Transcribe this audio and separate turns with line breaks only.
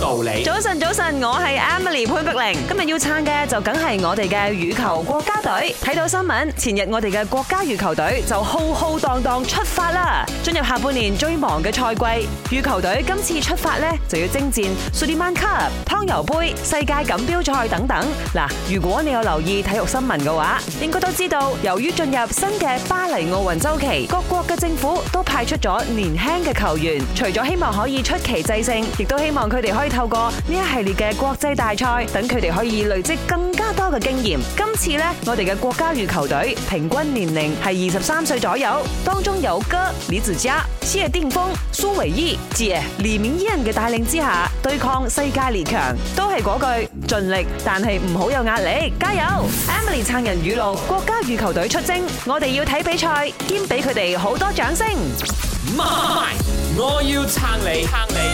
道理。早
晨，早晨，我係 Emily 潘碧玲。今日要撐嘅就梗係我哋嘅羽球國家隊。睇到新聞，前日我哋嘅國家羽球隊就浩浩蕩蕩出發啦，進入下半年最忙嘅賽季。羽球隊今次出發咧就要征戰 Sudirman Cup 湯尤杯、世界錦標賽等等。嗱，如果你有留意體育新聞嘅話，應該都知道，由於進入新嘅巴黎奧運周期，各國嘅政府都派出咗年輕嘅球員，除咗希望可以出奇制勝，亦都希望佢哋可以。透過呢一系列嘅國際大賽，等佢哋可以累積更加多嘅經驗。今次呢，我哋嘅國家羽球隊平均年齡係二十三歲左右，當中有哥李梓嘉、師巔丁峰、蘇維伊、志爺李敏伊人嘅帶領之下，對抗世界列強，都係嗰句盡力，但係唔好有壓力，加油！Emily 撐人語錄，國家羽球隊出征，我哋要睇比賽，兼俾佢哋好多掌聲。
媽咪，我要撐你！撐你